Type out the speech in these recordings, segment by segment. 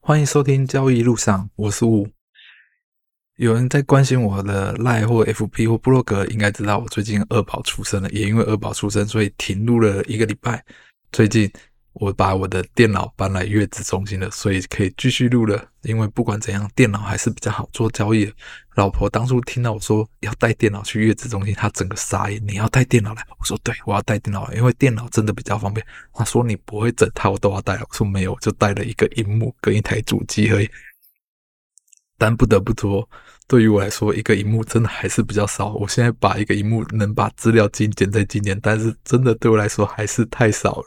歡迎收聽交易路上，我是吳。有人在關心我的賴或 FP 或布洛格，應該知道我最近二寶出生了，也因為二寶出生，所以停錄了一個禮拜。最近。我把我的電腦搬來月子中心了，所以可以繼續錄了。因為不管怎樣，電腦還是比較好做交易的。老婆當初聽到我說要帶電腦去月子中心，她整個傻眼。你要帶電腦來？我說對，我要帶電腦來，因為電腦真的比較方便。她說你不會整套，我都要帶了。我說沒有，就帶了一個熒幕跟一台主機而已。但不得不說，對於我來說，一個熒幕真的還是比較少。我現在把一個熒幕能把資料精簡再精簡，但是真的對我來說還是太少了。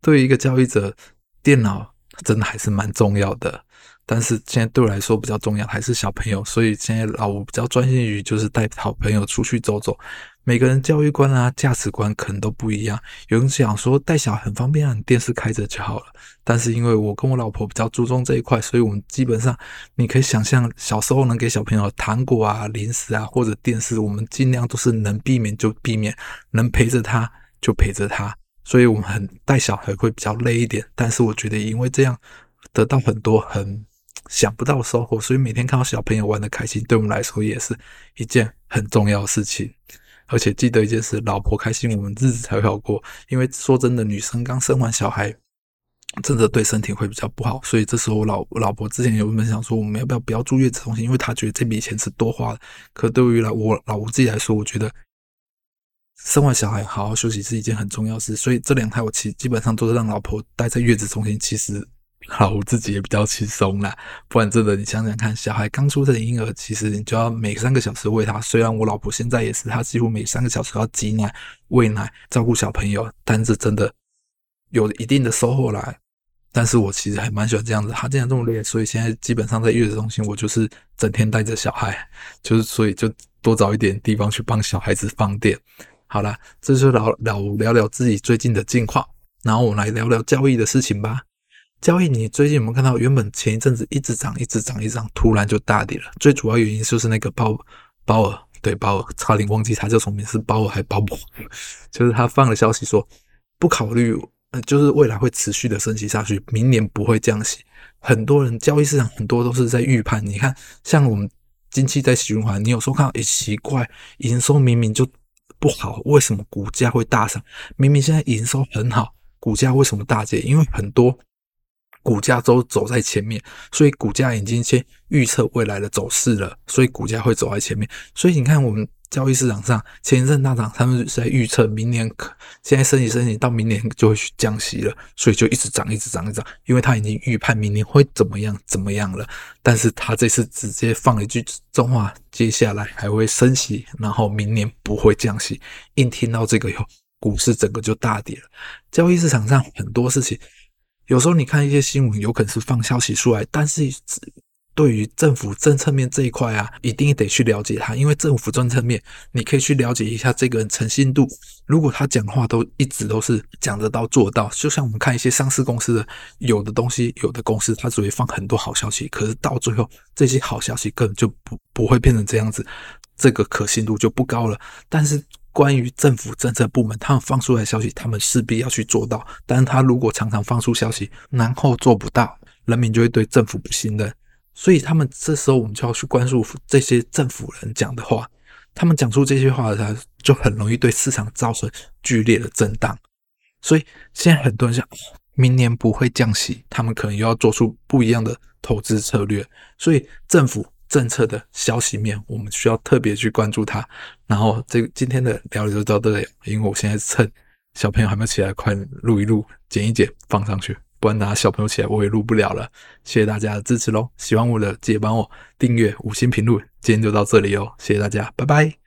對於一個交易者，電腦真的還是蠻重要的。但是現在對我來說比較重要還是小朋友，所以現在老我比較專心於就是帶好朋友出去走走。每個人教育觀啊、價值觀可能都不一樣。有人想說帶小孩很方便啊，你電視開着就好了。但是因為我跟我老婆比較注重這一塊，所以我們基本上你可以想象，小時候能給小朋友糖果啊、零食啊或者電視，我們儘量都是能避免就避免，能陪着他就陪着他。所以，我們很帶小孩會比較累一點，但是我覺得因為這樣得到很多很想不到的收穫，所以每天看到小朋友玩得開心，對我們來說也是一件很重要的事情。而且記得一件事，老婆開心，我們日子才會好過。因為說真的，女生剛生完小孩，真的對身體會比較不好。所以這時候我，我老老婆之前有分想說，我們要不要不要住月子中心？因為她覺得這筆錢是多花的。可對於老我老吳自己來說，我覺得。生完小孩好好休息是一件很重要的事，所以這兩胎我其實基本上都是讓老婆待在月子中心。其實老婆自己也比較輕鬆啦。不然真的你想想看，小孩剛出生的嬰兒，其實你就要每三個小時餵他。雖然我老婆現在也是，她幾乎每三個小時都要擠奶、餵奶、照顧小朋友，但是真的有一定的收穫啦。但是我其實還蠻喜歡這樣子，她既然這麼累，所以現在基本上在月子中心，我就是整天帶着小孩，就是所以就多找一點地方去幫小孩子放電。好啦，這就是聊聊聊聊自己最近的近況，然後我們來聊聊交易的事情吧。交易，你最近有沒有看到？原本前一陣子一直漲，一直漲，一直漲，突然就大跌了。最主要原因就是那個鮑鮑爾，對，鮑爾差點忘記他叫什麼名字，鮑爾還鮑勃，就是他放了消息說不考慮，呃，就是未來會持續的升息下去，明年不會降息。很多人交易市場很多都是在預判，你看像我們近期在循環，你有時候看到誒，奇怪，營收明明就。不好，為什麼股價會大漲？明明現在營收很好，股價為什麼大跌？因為很多。股價都走在前面，所以股價已經先預測未來的走勢了，所以股價會走在前面。所以你看，我們交易市場上前一陣大漲，他們是在預測明年可現在升息升息到明年就會去降息了，所以就一直漲，一直漲，一直漲，因為它已經預判明年會怎麼樣怎麼樣了。但是他這次直接放一句重話，接下來還會升息，然後明年不會降息。一聽到這個以後，股市整個就大跌了。交易市場上很多事情。有時候你看一些新聞，有可能是放消息出來，但是對於政府政策面這一塊啊，一定得去了解它，因為政府政策面，你可以去了解一下這個人誠信度。如果他講話都一直都是講得到做到，就像我們看一些上市公司的，有的東西，有的公司它只會放很多好消息，可是到最後這些好消息根本就不不會變成這樣子，這個可信度就不高了。但是。關於政府政策部門，他們放出來消息，他們勢必，要去做到。但是他如果常常放出消息，然後做不到，人民就會對政府不信任。所以他們這時候我們就要去關注這些政府人講的話。他們講出這些話的時候就很容易對市場造成劇烈的震盪。所以現在很多人想，明年不會降息，他們可能又要做出不一樣的投資策略。所以政府政策的消息面，我們需要特別去關注它。然後這，這今天的聊就到這裡，因為我現在趁小朋友還沒有起來，快錄一錄、剪一剪放上去，不然等下小朋友起來我也錄不了了。謝謝大家的支持嘍！喜歡我的記得幫我訂閱、五星評論。今天就到這裡哦，謝謝大家，拜拜。